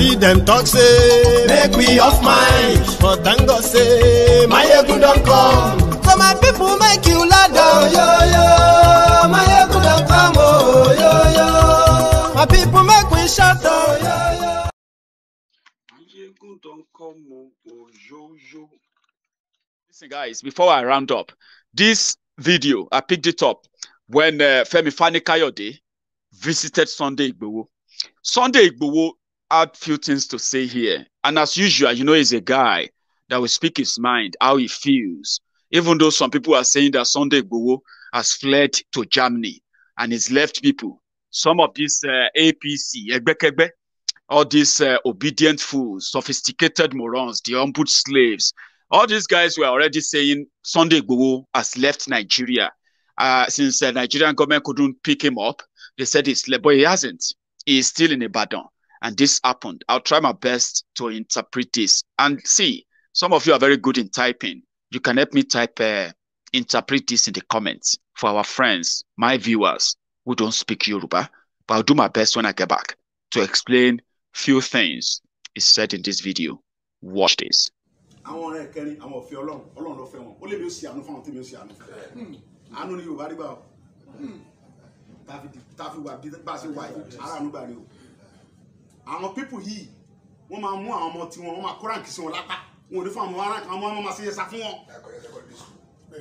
party dem talk say make we off mind but thank god say mayegun don come. so my people make you loud oyoyo oh, mayegun don come oh yo yo. my people make we shout oyoyo. Oh, mayegun don come oyoyo. listen guys before i round up this video i picked it up when uh, Femi Fani Kayode visited Sunday Igboho. Sunday Igboho add few things to say here. And as usual, you know, he's a guy that will speak his mind, how he feels. Even though some people are saying that Sunday Gogo has fled to Germany and has left people. Some of these uh, APC, Egbekegbe, all these uh, obedient fools, sophisticated morons, the humbled slaves, all these guys were already saying Sunday Gogo has left Nigeria. Uh, since the uh, Nigerian government couldn't pick him up, they said he's left, but he hasn't. He's still in Ibadan and this happened. I'll try my best to interpret this. And see, some of you are very good in typing. You can help me type, uh, interpret this in the comments for our friends, my viewers who don't speak Yoruba. But I'll do my best when I get back to explain few things is said in this video. Watch this. I àwọn pípù yìí wọ́n máa mú àwọn ọmọ tiwọn wọ́n máa kó ránkì sí wọn lápá wọn ò ní fún àwọn aráàlú àwọn ọmọ máa ṣe yẹsà fún wọn.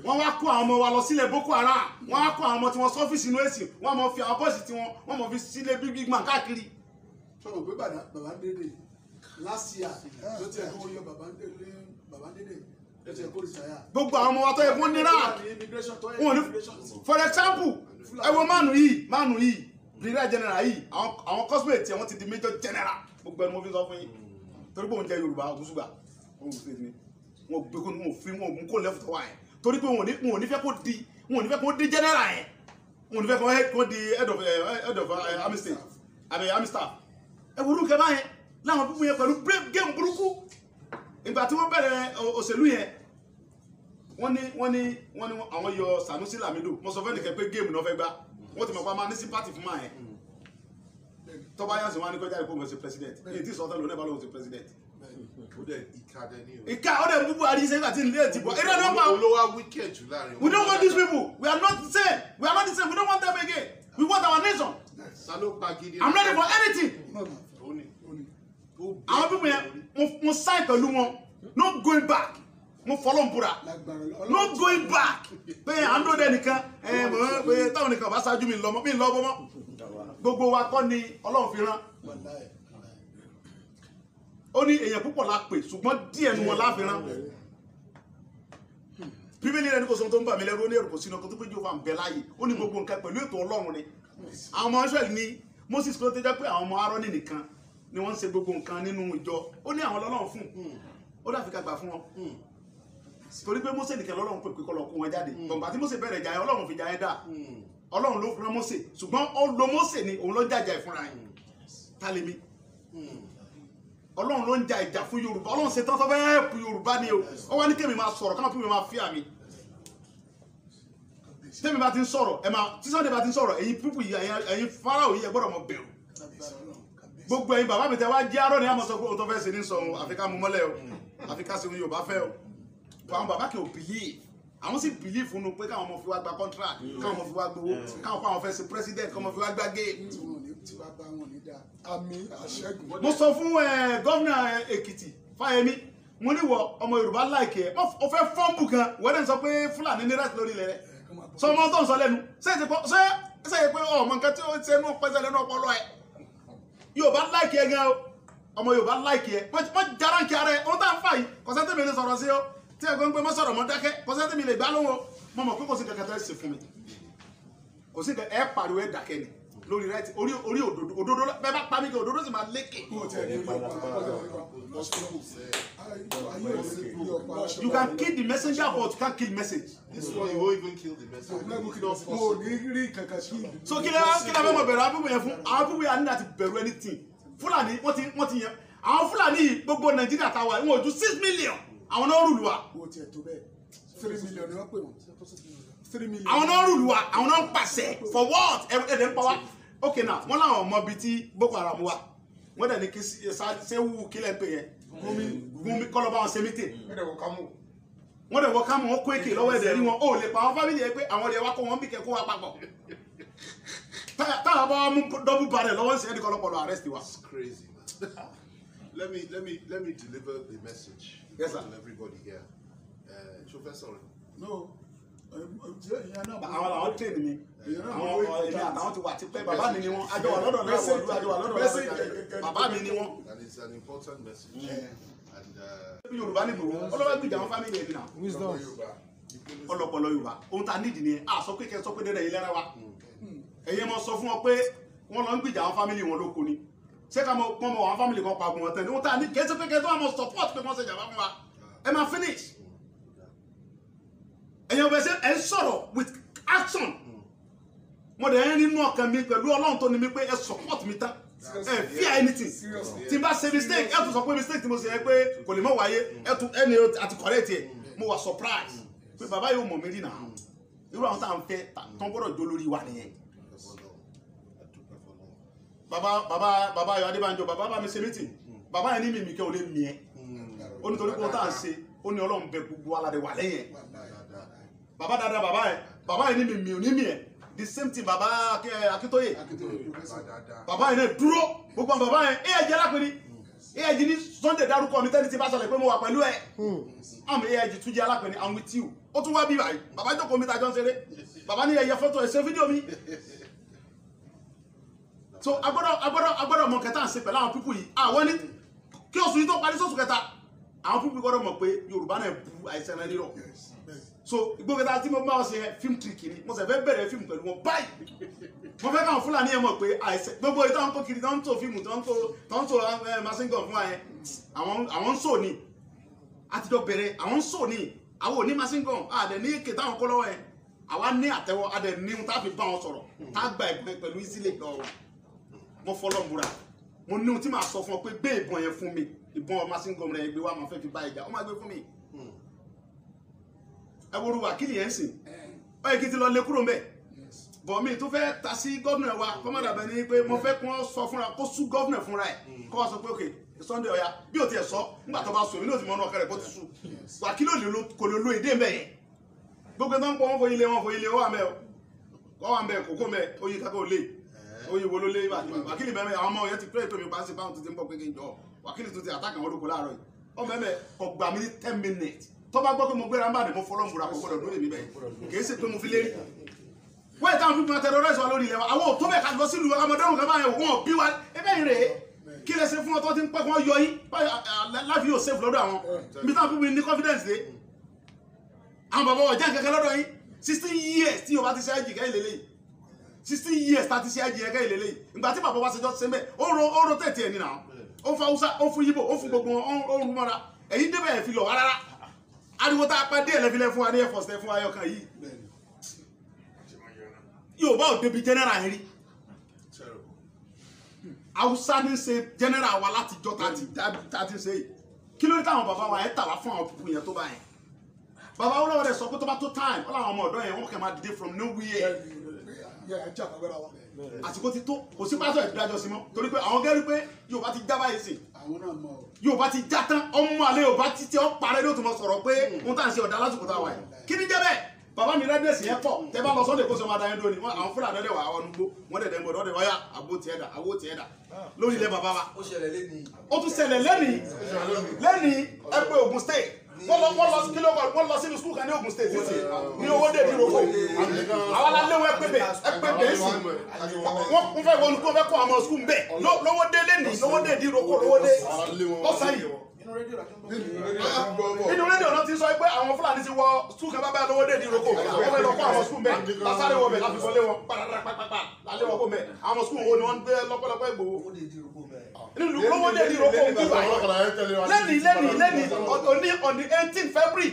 wọ́n wá kó àwọn ọmọ wa lọ sílẹ̀ Boko Haram wọ́n wá kó àwọn ọmọ tiwọn sọ́fíìsì inú èsì wọ́n máa fi àwọn bọ́ọ̀sì tiwọn wọ́n máa fi sílẹ̀ bíbí gbọ̀n káàkiri. sọ̀rọ̀ pé bàbá dédé lásìá ló ti ẹ̀kọ́ yọ bàbá dédé gbogbo àwọn ọmọ wa tó yẹ kó ní for example ẹ wo mánu yìí mánu yìí brigadier general yìí àwọn cosmate tí wọ́n ti di major general gbogbo ẹni mo fi sọ fún yín torí pé òun jẹ́ yorùbá ògúnṣùgbà òun fi mi wọn gbé kó wọn fi wọn kó lẹ́fù tó wà yẹn torí pé wọn ò ní fẹ́ kó di wọn ò ní fẹ́ kó di general yẹn wọn ò ní fẹ́ kó di head of eh, head of eh, army state àbẹ̀ army staff ẹ wúlú kẹ báyẹn láwọn bíbú yẹn brave game burúkú ìgbà tí wọ́n bẹ̀rẹ̀ eh, òṣèlú yẹn wọ́n ní wọ́n ní wọ́n ní àwọn yọ Sanusi Lamido mo sọ fẹ́ nìkan pé game náà fẹ́ gbá wọ́n ti mọ̀ pa máa ní sí pàtì fún máa yẹn tọ́ba yẹn sì wá ní kọjá ìkó mọ̀ sí president èyí tí sọ́tẹ́ lónìí bá lóun sí president. ó dẹ̀ ìka dẹ̀ ní o. ìka ó dẹ̀ mú buhari ṣe nígbà tí ilé ìdìbò eré ló pa. olówó wicked jù we don't want these people we are not the same we are not the same we don't want them again we want our nation. salo pa i'm ready for anything. àwọn pípọ̀ yẹn mo sign pẹ̀lú wọn no going back mo fọlọ́n búra no going back pé àndó dẹ nìkan ẹ mọ̀ pé táwọn nìkan bá ṣáájú mi lọ́mọ mi lọ́bọ mọ́ gbogbo wa kọ́ ni ọlọ́run fi rán ó ní èèyàn púpọ̀ la pè ṣùgbọ́n díẹ̀ nu wọn láfi rán bíbélì rẹ ní kò sọ tó ń bà mí lẹ́rú ó ní ẹ̀rù kò sínú ọkọ̀ tó pé jù wà ń bẹ láàyè ó ní gbogbo nǹkan pẹ̀lú ètò ọlọ́run ni àwọn ọmọ Ísírẹ́lì ní Mósè kò tó jẹ́ pé àwọn ọmọ Áárónì nìkan ni wọ́n ń ṣe gbogbo nǹkan nínú ìjọ ó ní àwọn ọlọ́run fún ó dàbí ká gbà fún wọn torí pé Mósè nìkan lọ́lọ́run pè pé kó lọ kó wọn jáde gbọ̀ngbà hmm. tí Mósè bẹ̀rẹ̀ jà yẹn ọlọ́run fi jà yẹn dà hmm. ọlọ́run ló rán Mósè ṣùgbọ́n ó lo Mósè ni òun ló jàjà ìfúnra yẹn tálẹ́mí hmm. ọlọ́run ló ń ja ìjà fún Yorùbá ọlọ́run ṣe tọ́tọ́ bẹ́ẹ̀ pu Yorùbá ni o ó wá ní kémi máa sọ̀rọ̀ káwọn fún mi máa fi àmì tẹ́mi bá ti ń sọ̀rọ̀ ẹ̀ máa tí Sunday bá ti ń sọ̀rọ̀ ẹ̀yin pípù yìí ẹ̀yin Fáráò yìí ẹ gbọ́dọ̀ mọ bẹ̀rù gbogbo ẹ̀yin bàbá mi tẹ́ wá jẹ́ àárọ̀ ni àmọ́ sọ pé òun tó fẹ́ ṣe ní sọ mú mọ́lẹ̀ o àfi ká Yorùbá fẹ́ o àwọn bàbá kẹ́ ò believe àwọn sì believe nínú pé káwọn ọmọ fi wá gba contract mm. káwọn ọmọ fi wá gbowó káwọn fáwọn fẹ́ ṣe president káwọn ọmọ fi wá gba game. tí wàá bá wọn ní dáa àmì àṣẹgun. mo sọ fún eh, gómìnà eh, Èkìtì Fáyẹmí mo ní wọ ọmọ Yorùbá láìkẹ ọ fẹ́ fọmbù kan wẹdẹ sọ pé Fúlàní ní rẹsì lórí ilẹ̀ rẹ̀ eh, sọ ọmọ tó ń sọ lẹ́nu ṣé ṣe pé ọmọ nǹkan tí ó ṣe nú pẹsẹ lẹ́nu ọpọlọ ẹ Yorùbá láìkẹ gan ọmọ Yorùbá láìkẹ wọn járánkì ara ẹ ọ̀tá ń fà yìí kọsẹ́ntẹ́mẹ́ni sọ̀rọ̀ sí ọ tí ẹ gbọ́n pé má sọ̀rọ̀ mọ́ dákẹ́ kò sẹ́ni mi lè gbá lóhùn o mo mọ̀ sí kankan tó ẹ ṣe fún mi kò sí kankan ẹ pariwo ẹ dákẹ́ ni lórí rẹ́ẹ̀tì orí orí òdodo òdodo bẹ́ẹ̀ bá pa kí òdodo sì máa lékè. you can kill the messenger but you can't kill message. this one you won't even kill the message. so kí lè kí lè fẹ́ mọ̀ bẹ̀rù abúgbò yẹn fún abúgbò yẹn nígbà tí bẹ̀rù anything fúlàní wọ́n ti wọ́n ti yẹn àwọn fúlàní gbogbo nàìjíríà táwa ìwọ̀n ojú six million àwọn náà rùlù wa. o tiẹ̀ tó bẹ́ẹ̀ three million ni wọ́n pè wọ́n three million. àwọn náà rùlù wa àwọn náà ń pàṣẹ for what ẹ̀rẹ̀ ń pa wá. ok now wọ́n láwọn ọmọ bíi ti Boko Haram wa wọ́n dẹ̀ ní kí sẹ́wù kílẹ̀ pè yẹn gúnmi kọ́lọ́ bá wọn ṣe mítè. wọ́n dẹ̀ wọ kámú wọn kó èké lọ́wọ́ ẹ̀dẹ̀ rí wọn ó lè pa àwọn family. yẹn pé àwọn ọ̀dẹ̀ wa kọ́ wọn bí kẹ́ kó wa papọ̀ táwọn bá wọn mú dọ́bù barẹ̀ lọ́wọ́ ń ṣe ẹni kọ́lọ́pọ̀lọ́ arrest wa. It's crazy man. Let me let me let me deliver the message yes sir. to everybody here eh, ṣo fẹ́ sọ̀rọ̀. no eh, àwọn làwọn tẹ̀ mí àwọn eh, èmi àtàwọn ti wà tipẹ́ bàbá mi ni wọ́n àjọ wà lọ́dọ̀ náà wọ̀lú àjọ wà lọ́dọ̀ náà bàbá mi ni wọ́n. that is an uh, important message. ebi Yorùbá ni gbogbo ọlọ́wọ́ gbìjà wọn fámìlì ẹ̀mí náà ọlọpọlọ Yorùbá ohun tá a nídìí ni a sọ pé kẹ sọ pé dẹdẹ yìí lẹ́ra wa hmm. ẹ̀yin mọ sọ fún ọ pé wọ́n lọ ń gbìjà wọn fámìlì wọn lóko ni ṣé ká mọ pọ́n mọ àwọn fámìlì kan pàgùn wọn tán ni wọ́n tà ní kéésì pé kéésì wọn mọ support pé wọ́n ṣe jàmbá fún wa ẹ máa finish ẹ̀yin ọ̀bẹ ṣe ẹ̀ ń sọ̀rọ̀ with action mo dẹ̀ ẹ́ nínú ọkàn mi pẹ̀lú ọlọ́run tó ní mi pé ẹ support mi tán ẹ fear anything tí n bá ṣe mistake ẹ tún sọ pé mistake tí mo ṣe yẹ pé kò lè mọ wáyé ẹ tún ẹni àti correct yẹ mo wà surprise pé bàbá yóò mọ̀ mí rí nà irú àwọn tá à ń fẹ́ tó ń gbọ́dọ̀ jó lórí wa nìyẹn. Baba, baba, baba, ayọ̀ adébánjọ bàbá bá mi ṣe mítì bàbá yẹn ní mímì kẹ́ ò lè mì ẹ́ ó ní torí pé ó tà ń ṣe ó ní ọlọ́run bẹ gbogbo aládé wà lẹ́yìn ẹ̀ bàbá dáadáa yẹn bàbá yẹn ní mímì ò ní mì the same thing baba. akitoye bàbá yẹn náà dúró gbogbo baba yẹn ẹ yẹ jẹ́ lápẹ́ni eyaji ni sunday dárúkọ mi tẹni ti bá sọlẹ pé mo wà pẹ̀lú ẹ àmì eyaji tún jẹ alápẹni àwọn tí o ó tún wá bí bàbá jókòó mi ta jọ ń ṣeré bàbá mi so agbọ́dọ̀ agbọ́dọ̀ agbọ́dọ̀ mọ kẹta ń ṣe pẹ̀lú àwọn pípù yìí àwọn ní kí oṣù yìí tó parí sóṣù kẹta àwọn pípù gbọ́dọ̀ mọ̀ pé yorùbá náà bu àìsàn náà rírọ̀ so gbogbo kẹta tí mo bá wọn ṣe fíìmù tìrìkì ni mo sì fẹ́ bẹ̀rẹ̀ fíìmù pẹ̀lú wọn báyìí mo fẹ́ káwọn fúlàní yẹn mọ̀ pé àìsàn gbogbo ìtọ́ ń kó kiri tó ń tó fíìmù tó ń tó tó ń tó masingan fún wa yẹn àwọn ń sò ní àtijọ́ bẹ̀rẹ̀ àwọn ń sò ní àwọn ò ní masingan àdẹ̀ ní èké táwọn kọ́ lọ́wọ́ yẹn àwa ní àtẹwọ́ àdẹ̀ ní ohun tá a fi bá wọn sọ̀rọ̀ tá a gba ẹ̀gbọ́n pẹ̀lú ìsílẹ̀ lọ́wọ́ mo fọlọ́ múra mo ní ohun tí màá sọ fún ọ pé gbé ìbọn yẹn fún mi ìbọn ọmọ síngọm rẹ gbé wa máa fẹ́ fi bá ìjà ó máa gbé fún mi. Hmm. ẹ wo ru wákìlì yẹn sìn ọ yẹ kí n ti lọ lé kúrò mbẹ bọ̀mí tó fẹ́ ta sí gọ́vnà wa kọ́mọ̀dàbẹ̀ ni pé mo fẹ́ kún ọ sọ fúnra kó sú gọ́vnà fúnra ẹ̀ hmm. kó wa sọ pé òkè Sunday ọ̀ya bí o tiẹ̀ sọ nígbà tó bá sọ èmi náà ti mọ ọ́nà ọ̀kẹ́ rẹ̀ kó ti sú wákìlì kò lè lo èdè mbẹ yẹn gbogbo ẹ̀ tó ń pọ̀ wọ́n fọ o wọ́n wà mẹ́ kókó oyinbo ló lé ìbàdí wákìlì mẹ́mẹ́ àwọn ọmọ yẹn ti pray pé mi pàṣẹ báwọn tuntun bọ̀ pé kí n jọ wákìlì tuntun àtàkì àwọn olùkọ́ láàárọ̀ yìí ọmọ ẹ̀mẹ́ kò gbà mí ní ten minutes tó bá gbọ́ pé mo gbéra ń bá dè mo fọlọ́ ń bura kó gbọ́dọ̀ lórí mi bẹ́ẹ̀ kì í ṣe pé mo fi lérí wọ́n ìtàn fún pípa terrorize wa lórí ilẹ̀ wa àwọn òtó bẹ́ẹ̀ ká lọ sílùú ọmọdéwọ̀n kan báyẹn wọn bí wa ẹbẹ́ yìí rèé kí lẹ ṣe fún ọtọ́ tí ń pẹ́ kí wọ́n yọ yín láfi yóò safe lọ́dọ̀ àwọn mi tàn fún ní confidence dé àwọn bàbá wọ̀ jẹ́ nǹkan lọ́dọ̀ yín sixteen years tí Yorùbá ti ṣe àjì kẹ́yìn lélẹ́yìn sixteen years tá a ti ṣe IGF ìlélẹ́yìn ìgbà tí bàbá wa ṣe jọ ṣe mẹ́ ó ro ó ro tẹ̀tẹ̀ ẹ̀ nínú àwọn ó fún Hausa ó fún Yíbò ó fún gbogbo wọn ó rún mọ́ra ẹ̀yin débẹ̀ ẹ̀ fi lọ̀ wá rárá ariwo tá a pa díẹ̀ lẹ́fílẹ́ fún wa ní air force fún ayọ̀ kan yìí Yorùbá ò débi general yẹn rí Hausa ní ṣe general wa látijọ́ tá a ti ṣe yìí kí ló dé táwọn bàbá wa ẹ̀ tà wá fún àwọn pupil yẹn tó bá yẹn bàbá wọn lọ́wọ́ rẹ̀ sọ pé tó bá tó time ọ̀làwọn ọmọ ọ̀dọ́ yẹn wọ́n kẹ́ máa dìde from nowhere ẹtí àtàgbẹ́ra wọn àsìkò ti tó kò sí pásọ ìdájọ́ sí mọ́ torí pé àwọn gẹ́rí pé Yorùbá ti já báyìí sè Yorùbá ti já tán ọmọ àlẹ Yorùbá ti tẹ ọ parẹ́ ló tún lọ sọ̀rọ̀ pé hmm. n tà ń ṣe lásìkò tá a yìí kí ni jẹ́ bàbá mi rẹ́dẹ̀sì yẹn pọ̀ tẹ bá lọ sọ́dẹ̀ kó sọmọ adáyé lónìí wọn àwọn fúlàní ọdẹ wà àwọn nugbó wọn dẹ̀dẹ̀ gbọdọ̀ ọdẹ wáyà àgbo tiẹ̀ dà àgbo tiẹ̀ dà lórí ilẹ̀ bàbá wa ó tún ṣẹlẹ̀ lẹ́nìí lẹ́nìí ẹgbẹ́ Ògùn state wọ́n lọ wọ́n lọ kí ló kọ́ wọ́n lọ sínú skul kan ní Ogun State títì ní owó dèbí roko àwọn aláléwọ̀ ẹgbẹ́bẹ̀ ẹgbẹ́bẹ̀ èsì wọ́n kún fẹ́ wọnú kó fẹ́ kọ́ àwọn skul bẹ́ẹ̀ lówó dé lẹ́nìí lówó dèbí roko lówó dé ọ̀sán yìí inú rédíò náà ti sọ pé àwọn Fúlàní ti wọ skul kan bábá lówó dèbí roko wọ́n fẹ́ lọ kọ́ àwọn skul bẹ́ẹ̀ nílùú rówó dé ní roko bíbá lẹ́ni lẹ́ni lẹ́ni òní on the eighteen February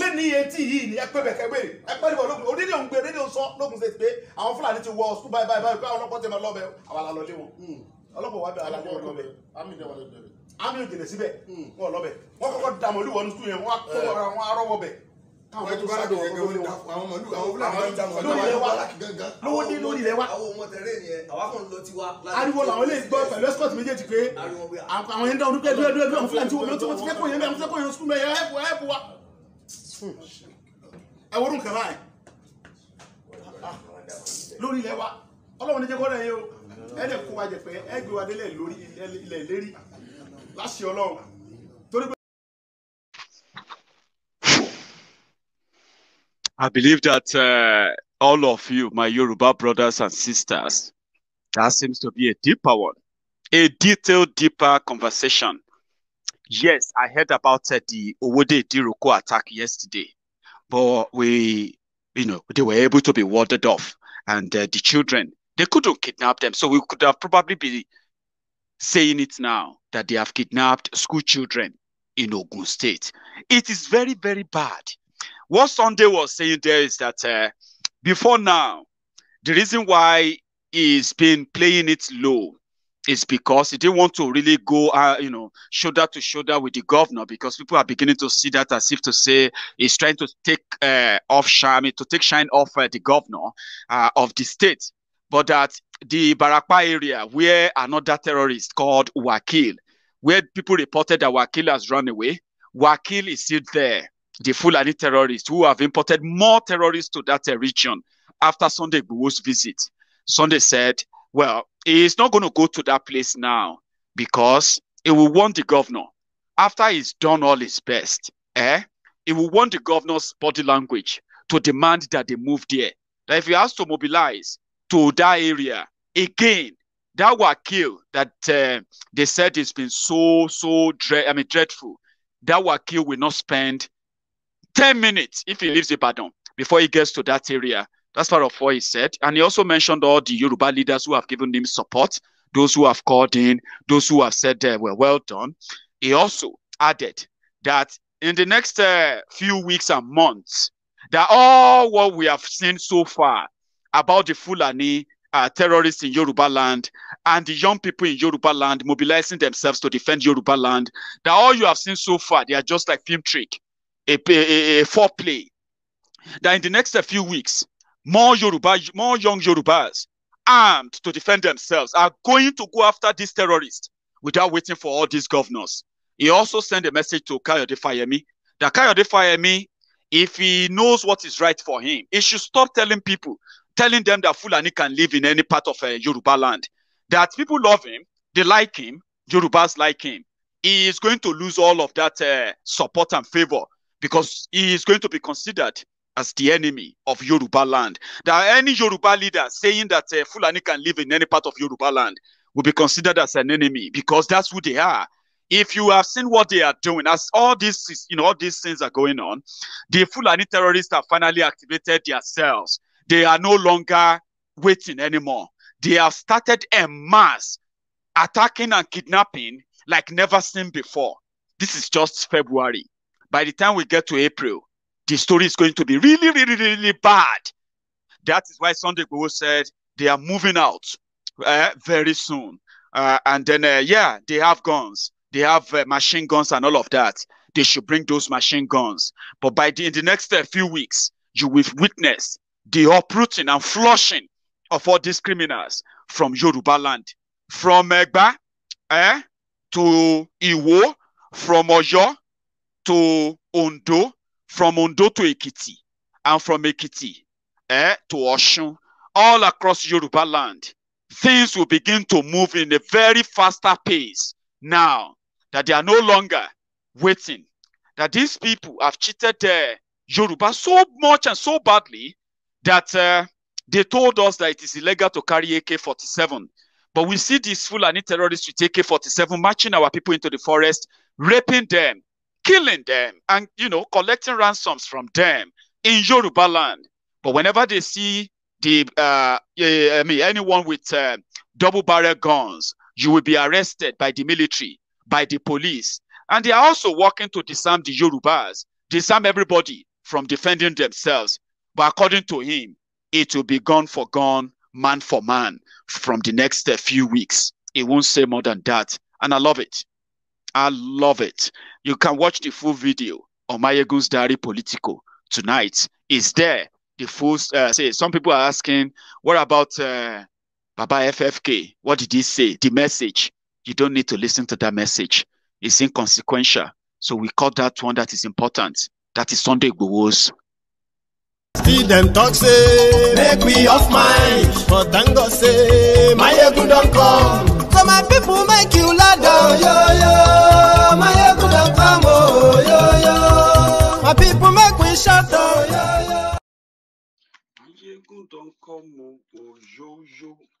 lẹ́ni eighteen yìí ni ẹgbẹ́ bẹ̀kẹ́ gbé ẹgbẹ́ níbo lókun onídìí òun gbé rédíò sọ lókun ṣe pé àwọn Fúlàní ti wọ ọ̀sùn báyìí báyìí pé àwọn ọlọ́pàá tẹ̀ máa lọ́bẹ̀ àwọn alálọ́lé wọn hmm. ọlọ́pàá wà bẹ̀ alálọ́lé wọn lọ́bẹ̀ àmì ò jìnà síbẹ̀ hmm. wọn lọ́bẹ̀ wọn kọ́kọ́ dàmọ́lú wọn tún yẹn wọn akọ́wọ́ eh. ara wọn káwọn tó sáré wọn kó lé wọn àwọn àwọn fúlàní máa ń lórí ilẹ̀ wa lówó dé lórí ilẹ̀ wa. àwọn ọmọ tẹ̀lé ni ẹ àwa kàn lọ tiwa. ariwo làwọn lè gbọ́ pẹ̀lú escort méjèèjì pé àwọn yẹn ń dáwọn dúpẹ́ dúpẹ́ dúpẹ́ àwọn fúlàní tí wọ́n ti fẹ́ kó yẹn bẹ́ẹ̀ àwọn fúlàní kó yẹn sùn bẹ́ẹ̀ yẹn ẹ̀ lórí ẹ̀ dẹ̀ wa jẹ pé ẹ gbé wa lórí ilẹ̀ ìlérí ọlọ́run I believe that uh, all of you, my Yoruba brothers and sisters, that seems to be a deeper one, a detailed, deeper conversation. Yes, I heard about uh, the Owode Diroko attack yesterday, but we, you know, they were able to be warded off, and uh, the children they couldn't kidnap them, so we could have probably be saying it now that they have kidnapped school children in Ogun State. It is very, very bad what Sunday was saying there is that uh, before now, the reason why he's been playing it low is because he didn't want to really go, uh, you know, shoulder to shoulder with the governor because people are beginning to see that as if to say he's trying to take uh, off shine, to take shine off uh, the governor uh, of the state. But that the Barakpa area where another terrorist called Wakil, where people reported that Wakil has run away, Wakil is still there the Fulani terrorists who have imported more terrorists to that uh, region after Sunday Igbo's visit. Sunday said, well, he's not going to go to that place now because he will want the governor. After he's done all his best, eh, he will want the governor's body language to demand that they move there. That if he has to mobilize to that area again, that were killed that uh, they said it's been so so dread i mean dreadful that were killed will not spend 10 minutes if he leaves Ibadan before he gets to that area. That's part of what he said. And he also mentioned all the Yoruba leaders who have given him support, those who have called in, those who have said they uh, were well done. He also added that in the next uh, few weeks and months, that all what we have seen so far about the Fulani uh, terrorists in Yoruba land and the young people in Yoruba land mobilizing themselves to defend Yoruba land, that all you have seen so far, they are just like film trick a, a, a foreplay that in the next few weeks, more Yoruba, more young Yorubas armed to defend themselves are going to go after these terrorists without waiting for all these governors. He also sent a message to Kayode Fayemi that Kayode Fayemi, if he knows what is right for him, he should stop telling people, telling them that Fulani can live in any part of a uh, Yoruba land. That people love him, they like him, Yorubas like him. He is going to lose all of that uh, support and favor because he is going to be considered as the enemy of Yoruba land. There are any Yoruba leader saying that uh, Fulani can live in any part of Yoruba land will be considered as an enemy because that's who they are. If you have seen what they are doing, as all these, you know, all these things are going on, the Fulani terrorists have finally activated themselves. They are no longer waiting anymore. They have started a mass attacking and kidnapping like never seen before. This is just February by the time we get to April, the story is going to be really, really, really bad. That is why Sunday Go said they are moving out uh, very soon. Uh, and then, uh, yeah, they have guns. They have eh, machine guns and all of that. They should bring those machine guns. But by the, in the next few weeks, you will witness the uprooting and flushing of all these criminals from Yoruba land, from Egba eh, to Iwo, from Oyo to Ondo, from Ondo to Ekiti, and from Ekiti eh, to Oshun, all across Yoruba land, things will begin to move in a very faster pace now that they are no longer waiting. That these people have cheated their eh, Yoruba so much and so badly that uh, they told us that it is illegal to carry AK 47. But we see these Fulani terrorists with AK 47 marching our people into the forest, raping them, killing them and, you know, collecting ransoms from them in Yoruba land. But whenever they see the, uh, I mean, anyone with uh, double barrel guns, you will be arrested by the military, by the police. And they are also working to disarm the Yorubas, disarm everybody from defending themselves. But according to him, it will be gun for gun, man for man from the next uh, few weeks. It won't say more than that. And I love it. I love it. You can watch the full video on Mayegun's Diary Politico tonight. It's there. The full uh, say. Some people are asking, what about uh, Baba FFK? What did he say? The message. You don't need to listen to that message. It's inconsequential. So we call that one that is important. That is Sunday Gurus. still them talk say make we off mind but thank god say my don't come my people make you ladder. Oh, yo, yo, my people don't come. Oh, yo, yo, my people make we shout. Oh, oh, yo, yo. My people don't come. Oh, yo, yo.